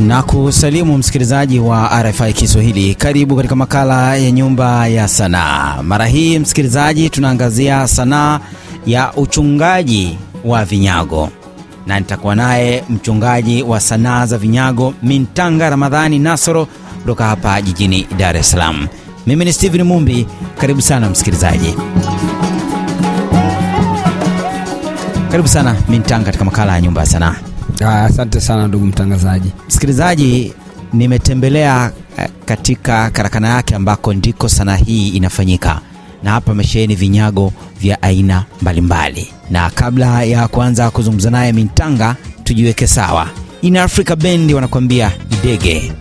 Na kusalimu msikilizaji wa RFI Kiswahili, karibu katika makala ya nyumba ya sanaa. Mara hii msikilizaji, tunaangazia sanaa ya uchungaji wa vinyago, na nitakuwa naye mchungaji wa sanaa za vinyago Mintanga Ramadhani Nasoro kutoka hapa jijini Dar es Salaam. Mimi ni Steven Mumbi, karibu sana msikilizaji. Karibu sana Mintanga katika makala ya nyumba ya sanaa. Asante sana ndugu mtangazaji. Msikilizaji, nimetembelea eh, katika karakana yake ambako ndiko sanaa hii inafanyika, na hapa amesheheni vinyago vya aina mbalimbali. Na kabla ya kuanza kuzungumza naye Mintanga, tujiweke sawa. In Africa Bendi wanakuambia idege.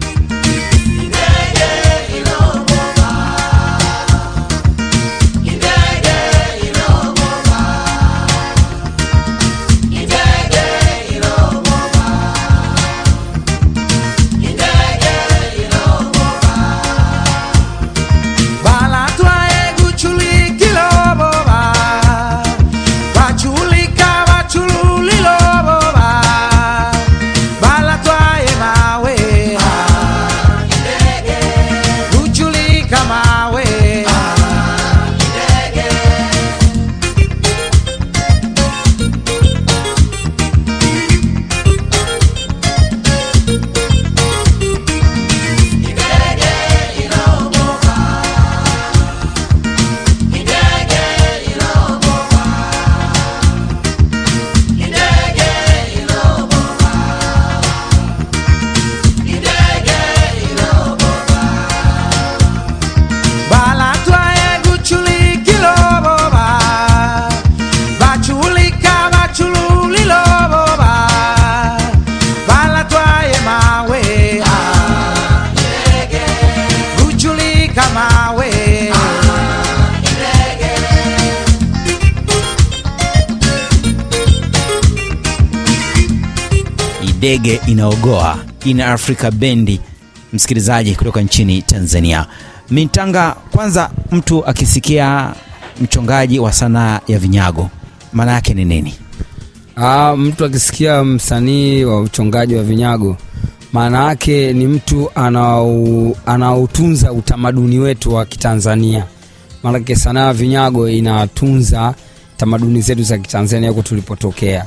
ndege inaogoa ina Afrika bendi, msikilizaji kutoka nchini Tanzania. Mintanga, kwanza mtu akisikia mchongaji wa sanaa ya vinyago maana yake ni nini? Aa, ah, mtu akisikia msanii wa uchongaji wa vinyago maana yake ni mtu anaotunza utamaduni wetu wa Kitanzania. Maanake sanaa ya vinyago inatunza tamaduni zetu za Kitanzania huko tulipotokea.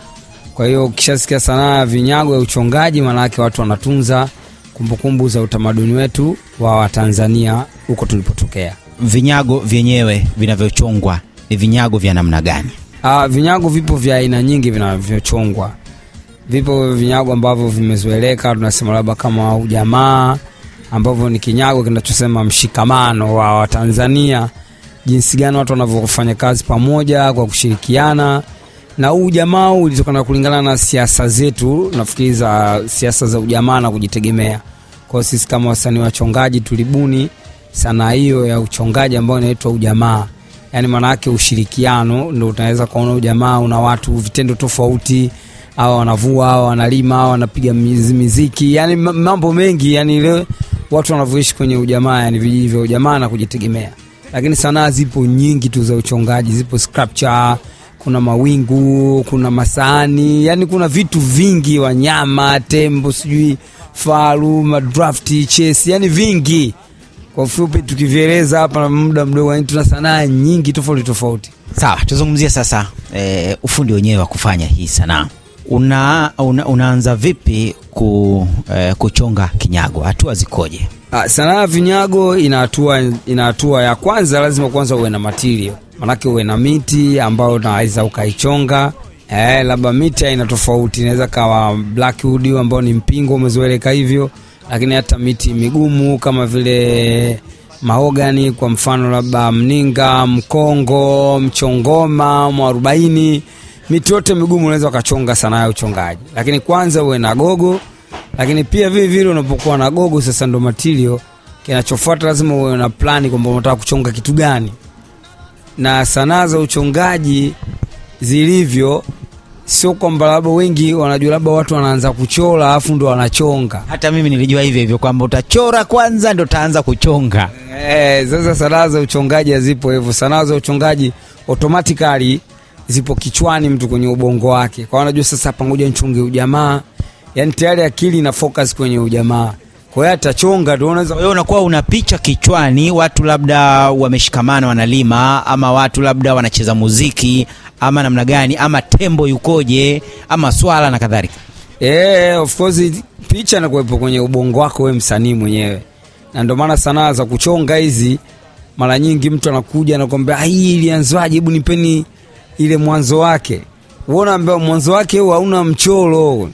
Kwa hiyo ukishasikia sanaa ya vinyago ya uchongaji, maanake watu wanatunza kumbukumbu za utamaduni wetu wa Watanzania huko tulipotokea. Vinyago vyenyewe vinavyochongwa ni vinyago vya namna gani? Ah, vinyago vipo vya aina nyingi vinavyochongwa. Vipo vinyago ambavyo vimezoeleka, tunasema labda kama ujamaa, ambavyo ni kinyago kinachosema mshikamano wa Watanzania, jinsi gani watu wanavyofanya kazi pamoja kwa kushirikiana na huu ujamaa ulitokana kulingana na siasa zetu, nafikiri za siasa za ujamaa na kujitegemea. Kwa sisi kama wasanii wachongaji tulibuni sanaa hiyo ya uchongaji ambayo inaitwa ujamaa, yaani maana yake ushirikiano. ndo utaweza kuona ujamaa una watu vitendo tofauti, hawa wanavua, hawa wanalima, hawa wanapiga miziki, yani mambo mengi, yani ile watu wanavyoishi kwenye ujamaa, yani vijiji vya ujamaa na kujitegemea. Lakini sanaa zipo nyingi tu za uchongaji, zipo scrapture kuna mawingu, kuna masaani yani kuna vitu vingi, wanyama, tembo, sijui faru, madrafti, chesi, yani vingi. Kwa ufupi tukivieleza hapa muda mdogo, yani tuna sanaa nyingi tofauti tofauti. Sawa, tuzungumzie sasa e, ufundi wenyewe wa kufanya hii sanaa una, una, unaanza vipi ku, eh, kuchonga kinyago, hatua zikoje? Ah, sanaa ya vinyago ina hatua ina hatua ya kwanza, lazima kwanza uwe na material manake uwe na miti ambayo unaweza ukaichonga eh, labda miti aina tofauti inaweza kawa blackwood ambao ni mpingo umezoeleka hivyo lakini hata miti migumu kama vile mahogani kwa mfano labda mninga mkongo mchongoma mwarubaini miti yote migumu unaweza ukachonga sana ya uchongaji lakini kwanza uwe na gogo lakini pia vile vile unapokuwa na gogo sasa ndo matilio kinachofuata lazima uwe na plani kwamba unataka kuchonga kitu gani na sanaa za uchongaji zilivyo, sio kwamba labda wengi wanajua, labda watu wanaanza kuchora alafu ndo wanachonga. Hata mimi nilijua hivyo hivyo kwamba utachora kwanza ndo utaanza kuchonga. Eh, sasa sanaa za uchongaji hazipo hivyo. Sanaa za uchongaji automatically zipo kichwani mtu kwenye ubongo wake, kwa wanajua sasa, pangoja nchonge ujamaa, yani tayari akili ina focus kwenye ujamaa kwa hiyo atachonga tu, unaweza wewe unakuwa una picha kichwani, watu labda wameshikamana wanalima, ama watu labda wanacheza muziki ama namna gani, ama tembo yukoje, ama swala na kadhalika. Yeah, of course picha inakuwepo kwenye ubongo wako wewe msanii mwenyewe, na ndio maana sanaa za kuchonga hizi mara nyingi mtu anakuja anakwambia, hii ilianzwaje? Hebu nipeni ile mwanzo wake. ambao mwanzo wake huo hauna mchoro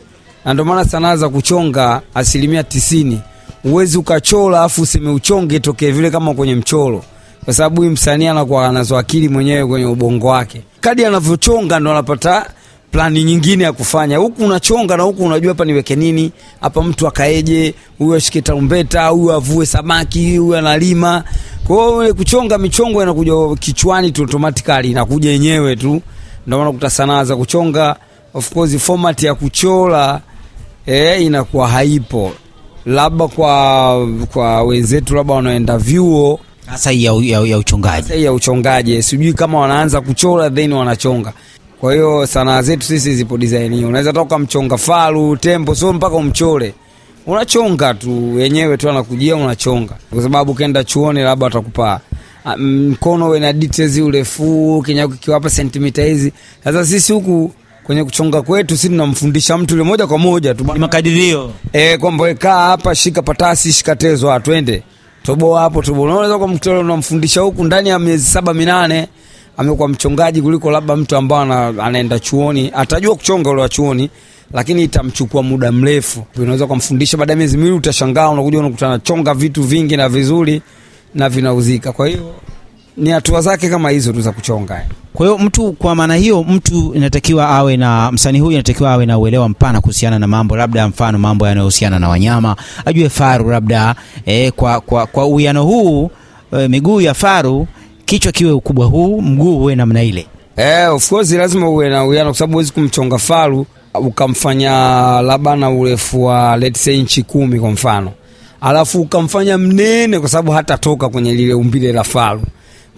na ndio maana sanaa za kuchonga asilimia tisini uwezi ukachola afu useme uchonge tokee vile kama kwenye mchoro, kwa sababu huyu msanii anakuwa anazo akili mwenyewe kwenye ubongo wake. Kadi anavyochonga ndo anapata plani nyingine ya kufanya. Huku unachonga na huku unajua hapa niweke nini, hapa mtu akaeje, huyu ashike tarumbeta, huyu avue samaki, huyu analima. kwao hiyo kuchonga michongo inakuja kichwani tu automatically, inakuja yenyewe tu. Ndio maana kuta sanaa za kuchonga, of course format ya kuchola e, inakuwa haipo, labda kwa kwa wenzetu labda wanaenda vyuo hasa ya, ya, ya uchongaji ya uchongaji, sijui kama wanaanza kuchora then wanachonga. Kwa hiyo sanaa zetu sisi zipo design hiyo, unaweza toka mchonga faru, tembo, sio mpaka umchore unachonga tu wenyewe tu anakujia unachonga, kwa sababu ukienda chuoni labda atakupa ah, mkono um, details urefu kinyako kikiwapa sentimita hizi. Sasa sisi huku kwenye kuchonga kwetu, si tunamfundisha mtu yule moja kwa moja tu, ni makadirio eh, kwamba kaa hapa, shika patasi, shika tezo, atwende ah, toboa hapo, toboa. Unaweza kwa mtu yule unamfundisha huku ndani ya miezi saba minane amekuwa mchongaji kuliko labda mtu ambaye ana, anaenda chuoni. Atajua kuchonga ule wa chuoni, lakini itamchukua muda mrefu. Unaweza kumfundisha baada ya miezi miwili, utashangaa unakuja unakutana chonga vitu vingi na vizuri na vinauzika. Kwa hiyo ni hatua zake kama hizo tu za kuchonga. Kwa hiyo mtu, kwa maana hiyo, mtu inatakiwa awe na msanii huyu inatakiwa awe na uelewa mpana kuhusiana na mambo, labda mfano mambo yanayohusiana na wanyama, ajue faru labda e, kwa, kwa, kwa uwiano huu e, miguu ya faru, kichwa kiwe ukubwa huu, mguu uwe namna ile. Eh, of course lazima uwe na uwiano, kwa sababu huwezi kumchonga faru ukamfanya labda na urefu wa let's say inchi kumi kwa mfano, alafu ukamfanya mnene, kwa sababu hata toka kwenye lile umbile la faru.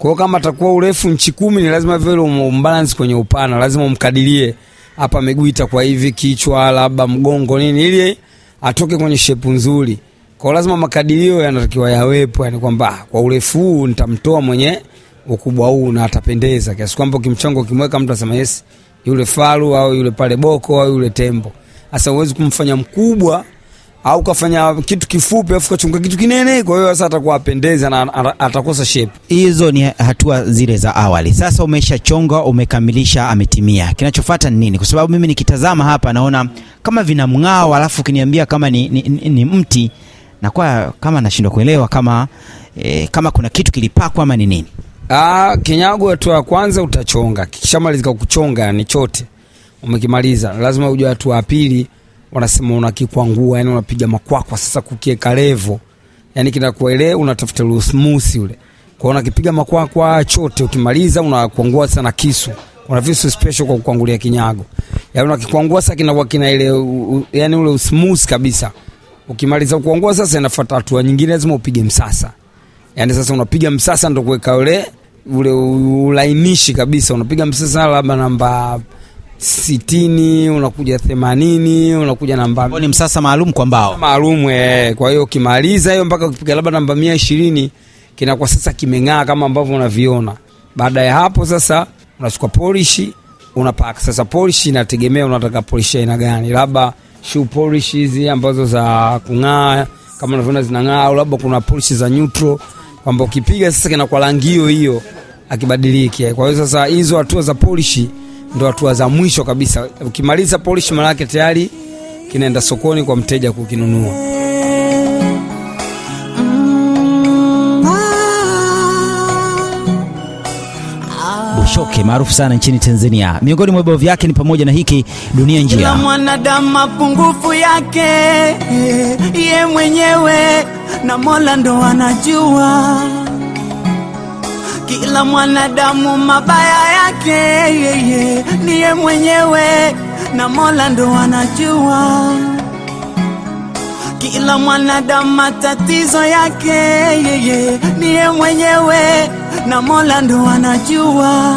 Kwa hiyo kama atakuwa urefu nchi kumi, ni lazima vile umbalance kwenye upana, lazima umkadirie hapa miguu itakuwa hivi, kichwa labda mgongo nini, ili atoke kwenye shepu nzuri. Kwa lazima makadirio yanatakiwa yawepo, yani kwamba ah, kwa urefu huu nitamtoa mwenye ukubwa huu na atapendeza, kiasi kwamba kimchango kimweka mtu asema yes, yule faru au yule pale boko au yule tembo. Sasa uwezi kumfanya mkubwa au kafanya kitu kifupi afu kachunga kitu kinene, kwa hiyo sasa atakuwa apendeza na atakosa shape. Hizo ni hatua zile za awali. Sasa umeshachonga, umekamilisha, ametimia. Kinachofuata ni nini? Kwa sababu mimi nikitazama hapa naona kama vina mng'ao, alafu ukiniambia kama ni, ni, ni, ni mti nakuwa kama nashindwa kuelewa kama, eh, kama kuna kitu kilipakwa ama ni nini. Ah, kinyago, hatua ya kwanza utachonga, kishamalizika kuchonga ni chote umekimaliza, lazima ujue hatua ya pili wanasema unakikwangua, yani unapiga makwakwa. Sasa kukieka levo, yani kinakuwa ile unatafuta lusmusi ule, kwa hiyo unakipiga makwakwa chote, ukimaliza unakwangua sana kisu. Kuna visu special kwa kukwangulia kinyago, yani unakikwangua sasa kinakuwa kina ile yani ule smooth kabisa. Ukimaliza kukwangua sasa, inafuata hatua nyingine, lazima upige msasa. Yani sasa unapiga msasa ndo kuweka ule ule ulainishi kabisa, unapiga msasa labda namba sitini unakuja themanini unakuja namba ni msasa maalum kwa mbao maalum eh. Kwa hiyo ukimaliza hiyo mpaka ukipiga labda namba mia ishirini kinakuwa sasa kimeng'aa kama ambavyo unaviona. Baada ya hapo sasa unachukua polish unapaka. Sasa polish inategemea unataka polish aina gani, labda shoe polish hizi ambazo za kung'aa kama unavyoona zinang'aa, au labda kuna polish za neutral kwamba ukipiga sasa kinakuwa rangi hiyo hiyo, akibadiliki. Kwa hiyo sasa hizo hatua za polishi ndo hatua za mwisho kabisa. Ukimaliza polish, maanake tayari kinaenda sokoni kwa mteja kukinunua. Bushoke maarufu sana nchini Tanzania, miongoni mwa vibao vyake ni pamoja na hiki dunia njia. Kila mwanadamu mapungufu yake ye mwenyewe, na Mola ndo anajua kila mwanadamu mabaya yake yeye niye mwenyewe na Mola ndo anajua. Kila mwanadamu matatizo yake yeye niye mwenyewe na Mola ndo anajua.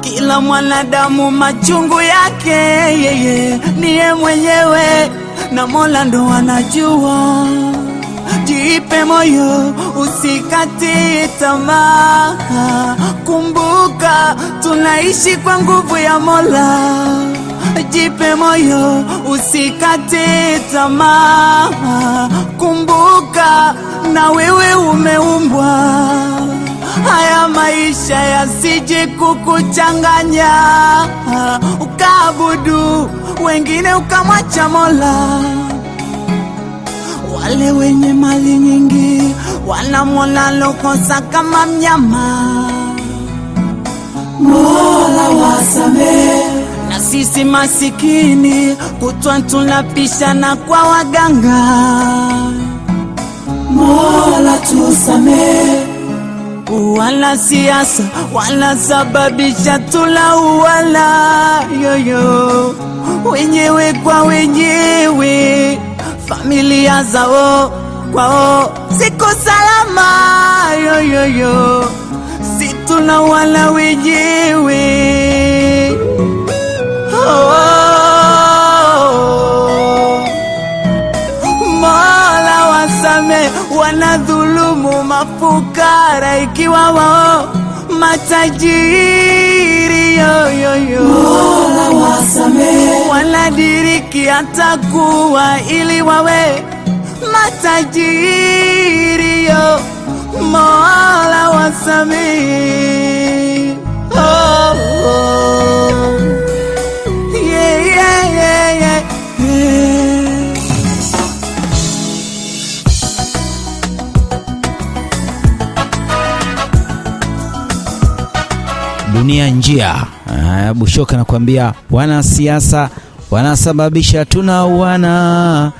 Kila mwanadamu machungu yake yeye niye mwenyewe na Mola ndo anajua. Jipe moyo, usikate tamaa, kumbuka tunaishi kwa nguvu ya Mola. Jipe moyo, usikate tamaa, kumbuka na wewe umeumbwa. Haya maisha yasije kukuchanganya, ukaabudu wengine ukamwacha Mola wale wenye mali nyingi wanamwona lokosa kama mnyama. Mola wasame, na sisi masikini kutwa tunapishana kwa waganga. Mola tusame, wala siasa wala sababisha tulauwala yoyo, wenyewe kwa wenyewe familia zao kwao siko salama yoyoyo, si tuna wala wenyewe oh, oh, oh. Mola wasame wanadhulumu mafukara ikiwa wao matajiri yoyoyo yo wasamehe, wanadiriki atakuwa ili wawe matajiri. Yo, Mola wasamehe dunia njia. Aa, ah, Bushoka nakwambia wanasiasa wanasababisha tunauana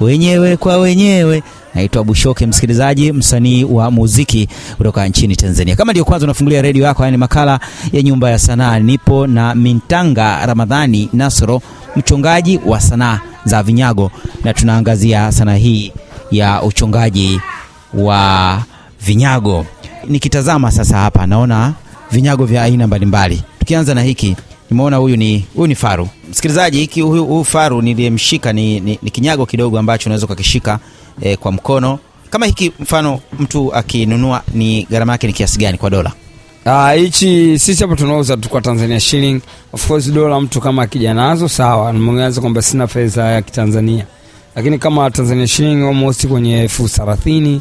wenyewe kwa wenyewe. Naitwa Bushoke, msikilizaji, msanii wa muziki kutoka nchini Tanzania. Kama ndio kwanza unafungulia redio yako, haya ni makala ya Nyumba ya Sanaa. Nipo na Mintanga Ramadhani nasro mchongaji wa sanaa za vinyago, na tunaangazia sanaa hii ya uchongaji wa vinyago. Nikitazama sasa hapa naona vinyago vya aina mbalimbali. Tukianza na hiki nimeona huyu ni, huyu ni faru. Msikilizaji, hiki huyu, huyu faru niliyemshika ni, ni, ni kinyago kidogo ambacho unaweza ukakishika eh, kwa mkono kama hiki. Mfano mtu akinunua ni gharama yake ni kiasi gani kwa dola? Ah, hichi uh, sisi hapa tunauza tu kwa Tanzania shilling. Of course dola mtu kama akija nazo sawa, mwangaza kwamba sina fedha ya Kitanzania, lakini kama Tanzania shilling almost kwenye elfu thelathini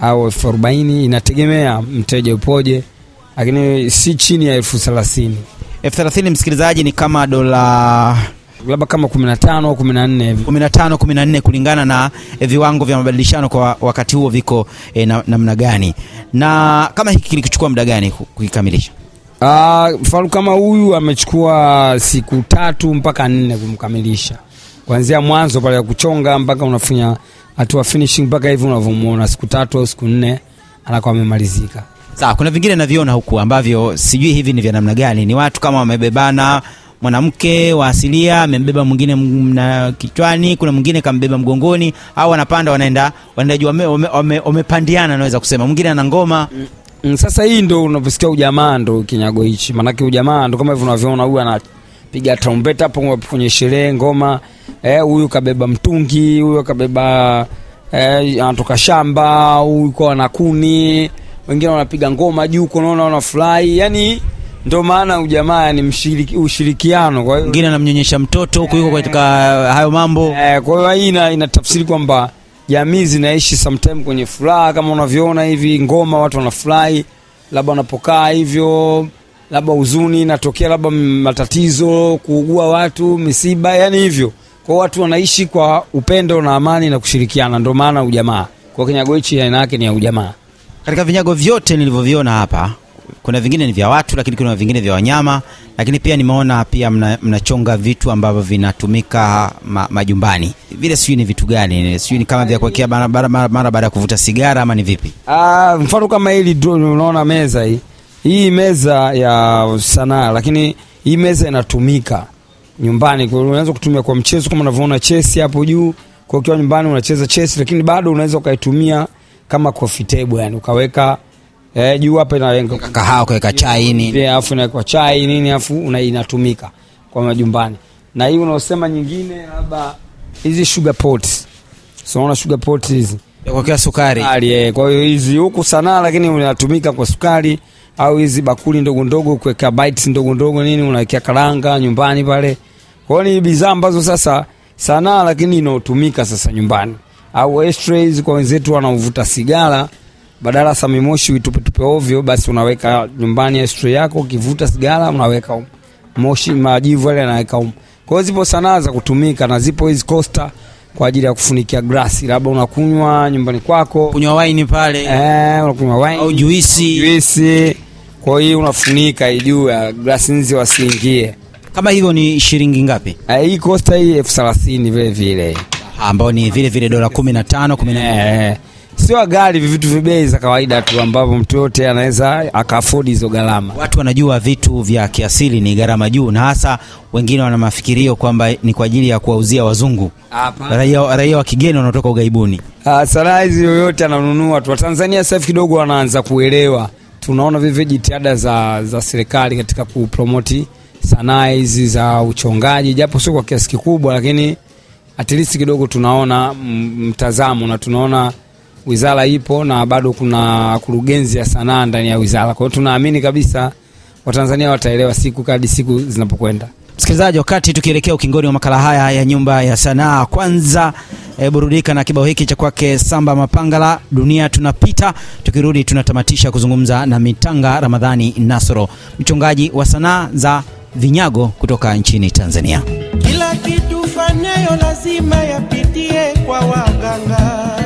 au elfu arobaini inategemea mteja upoje lakini si chini ya elfu thelathini. Elfu thelathini msikilizaji, ni kama dola labda kama 15 au 14 hivi, 15 14, kulingana na eh, viwango vya mabadilishano kwa wakati huo viko e, namna na gani, na kama hiki kilichukua muda gani kukikamilisha? Uh, ah, faru kama huyu amechukua siku tatu mpaka nne kumkamilisha, kuanzia mwanzo pale ya kuchonga mpaka unafanya hatua finishing mpaka hivi unavyomuona, siku tatu au siku nne anakuwa amemalizika. Sawa, kuna vingine naviona huku ambavyo sijui hivi ni vya namna gani, ni watu kama wamebebana mwanamke wa asilia amembeba mwingine na kichwani, kuna mwingine kambeba mgongoni, au wanapanda wanaenda wanaenda juu, wamepandiana, wame, naweza kusema mwingine ana ngoma mm. mm sasa hii ndo unavyosikia ujamaa ndo kinyago hichi, maanake ujamaa ndo kama hivyo unavyoona, huyu anapiga tarumbeta hapo kwenye sherehe ngoma, eh, huyu kabeba mtungi, huyu kabeba eh, anatoka shamba, huyu kwa na kuni wengine wanapiga ngoma juu huko, unaona wanafurahi, yani ndo maana ujamaa ni yaani mshiriki, ushirikiano. Kwa hiyo wengine anamnyonyesha mtoto huko yuko katika eh, hayo mambo eh. Kwa hiyo hii ina, tafsiri kwamba jamii zinaishi sometime kwenye furaha, kama unavyoona hivi ngoma, watu wanafurahi, labda wanapokaa hivyo, labda huzuni inatokea, labda matatizo, kuugua watu, misiba, yani hivyo. Kwa watu wanaishi kwa upendo na amani na kushirikiana, ndo maana ujamaa. Kwa Kinyagoichi aina yake ni ya ujamaa. Katika vinyago vyote nilivyoviona hapa, kuna vingine ni vya watu, lakini kuna vingine vya wanyama, lakini pia nimeona pia mnachonga mna vitu ambavyo vinatumika ma, majumbani vile. Sijui ni vitu gani, sijui ni kama vya kuwekea mara baada ya kuvuta sigara ama ni vipi? Ah, mfano kama hili, unaona meza hii, hii meza ya sanaa, lakini hii meza inatumika nyumbani, unaweza kutumia kwa mchezo, kama unavyoona chesi hapo juu, kwa ukiwa nyumbani unacheza chesi, lakini bado unaweza ukaitumia kama coffee table yani, ukaweka eh, juu hapa inaweka kahawa, kaweka chai nini, alafu inaweka chai nini, alafu inatumika kwa majumbani. Na hii unaosema nyingine, labda hizi sugar pots, so unaona sugar pots hizi kwa kiasi sukari ali eh, kwa hiyo hizi huku sanaa, lakini unatumika kwa sukari au hizi bakuli ndogo ndogo kuweka bites ndogo ndogo nini, unawekea karanga nyumbani pale. Kwa hiyo ni bidhaa ambazo sasa sanaa, lakini inaotumika sasa nyumbani au ashtrays kwa wenzetu wanaovuta sigara badala sami moshi uitupetupe ovyo, basi unaweka nyumbani ashtray yako, ukivuta sigara unaweka um. moshi majivu yale yanaweka um. Kwa hiyo zipo sanaa za kutumika na zipo hizi costa kwa ajili ya kufunikia glasi, labda unakunywa nyumbani kwako, kunywa wine pale eh, unakunywa wine au juisi, juisi. Kwa hiyo unafunika hii juu ya glasi nzi wasiingie. Kama hivyo ni shilingi ngapi? Eh, hii costa hii elfu thelathini vile vile ambao ni vile vile dola 15 14 eh, eh. sio gari, vitu vibei za kawaida tu ambavyo mtu yote anaweza akaafodi hizo gharama. Watu wanajua vitu vya kiasili ni gharama juu, na hasa wengine wana mafikirio kwamba ni kwa ajili ya kuwauzia wazungu, raia, raia wa kigeni wanaotoka ugaibuni. Ah, sanaa hizi yoyote ananunua tu. Watanzania safi kidogo wanaanza kuelewa, tunaona vivyo jitihada za, za serikali katika kupromoti sanaa hizi za uchongaji, japo sio kwa kiasi kikubwa, lakini at least kidogo tunaona mtazamo na tunaona wizara ipo na bado kuna kurugenzi ya sanaa ndani ya wizara. Kwa hiyo tunaamini kabisa Watanzania wataelewa siku kadi siku zinapokwenda. Msikilizaji, wakati tukielekea ukingoni wa makala haya ya Nyumba ya Sanaa, kwanza e, burudika na kibao hiki cha kwake Samba Mapangala, dunia tunapita. Tukirudi tunatamatisha kuzungumza na Mitanga Ramadhani Nasoro, mchongaji wa sanaa za vinyago kutoka nchini Tanzania. Kila kitu nayo lazima yapitie kwa waganga.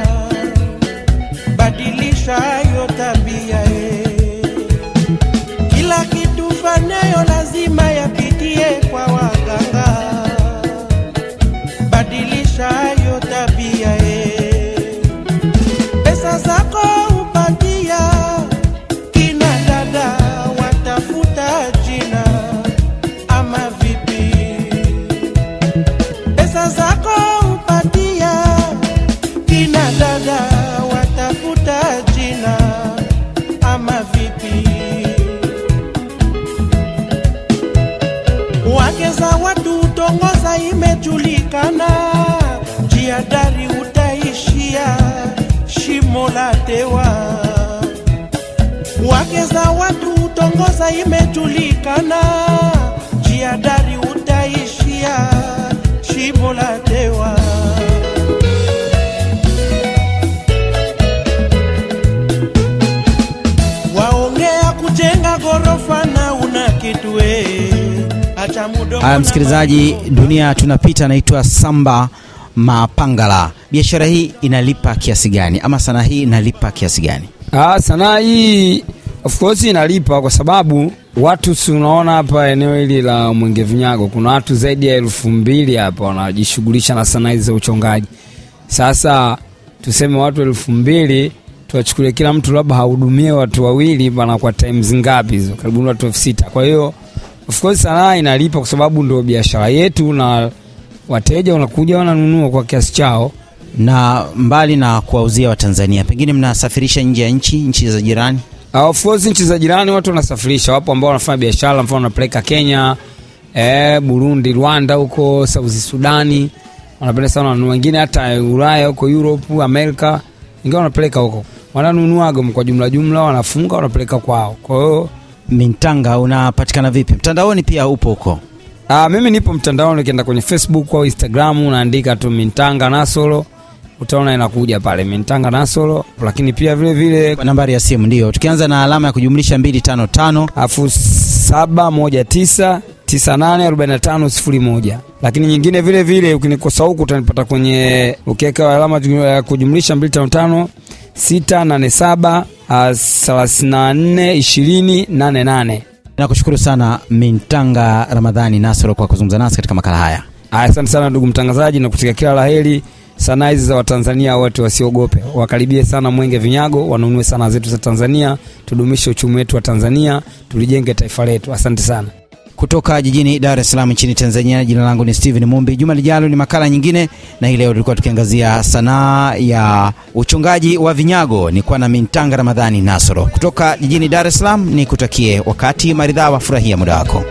imejulikana, jiadari utaishia shimo la tewa. Waongea kujenga ghorofa na una kitwe Haya, msikilizaji, dunia tunapita, naitwa Samba Mapangala. Biashara hii inalipa kiasi gani, ama sanaa hii inalipa kiasi gani? Ah, sanaa hii Of course inalipa kwa sababu watu si unaona hapa eneo hili la Mwenge Vinyago kuna watu zaidi ya elfu mbili hapa wanajishughulisha na sanaa za uchongaji. Sasa tuseme watu elfu mbili tuwachukulie, kila mtu labda hahudumie watu wawili bana, kwa times ngapi hizo? Karibu watu elfu sita. Kwa hiyo of course sanaa inalipa kwa sababu ndio biashara yetu, na wateja wanakuja wananunua kwa kiasi chao na mbali na kuwauzia Watanzania, pengine mnasafirisha nje ya nchi, nchi za jirani? Uh, of course nchi za jirani watu wanasafirisha, wapo ambao wanafanya biashara, mfano wanapeleka Kenya, eh, Burundi, Rwanda huko South Sudani, wanapenda sana wanunua, wengine hata Ulaya huko Europe, Amerika, ingawa wanapeleka huko, wananunuaga kwa jumla jumla, wanafunga wanapeleka kwao. Kwa hiyo Mintanga unapatikana vipi mtandaoni? Pia upo huko? Uh, mimi nipo mtandaoni, ukienda kwenye Facebook au Instagram unaandika tu Mintanga Nasolo utaona inakuja pale Mintanga Nasoro, lakini pia vile vile kwa nambari ya simu ndio tukianza na alama ya kujumlisha 255 afu 719 984501 lakini nyingine vile vile ukinikosa huku utanipata kwenye ukiweka alama ya kujumlisha 255 6873488 Nakushukuru sana Mintanga Ramadhani Nasoro kwa kuzungumza nasi katika makala haya. Asante sana ndugu mtangazaji, na kutikia kila la heri sanaa hizi za Watanzania wote wasiogope, wakaribie sana Mwenge Vinyago, wanunue sanaa zetu za Tanzania, tudumishe uchumi wetu wa Tanzania, tulijenge taifa letu. Asante sana. Kutoka jijini Dar es Salaam nchini Tanzania, jina langu ni stephen Mumbi. Juma lijalo ni makala nyingine, na hii leo tulikuwa tukiangazia sanaa ya uchongaji wa vinyago. Nikuwa na Mintanga Ramadhani Nasoro kutoka jijini Dar es Salaam, ni kutakie wakati maridhawa, furahia muda wako.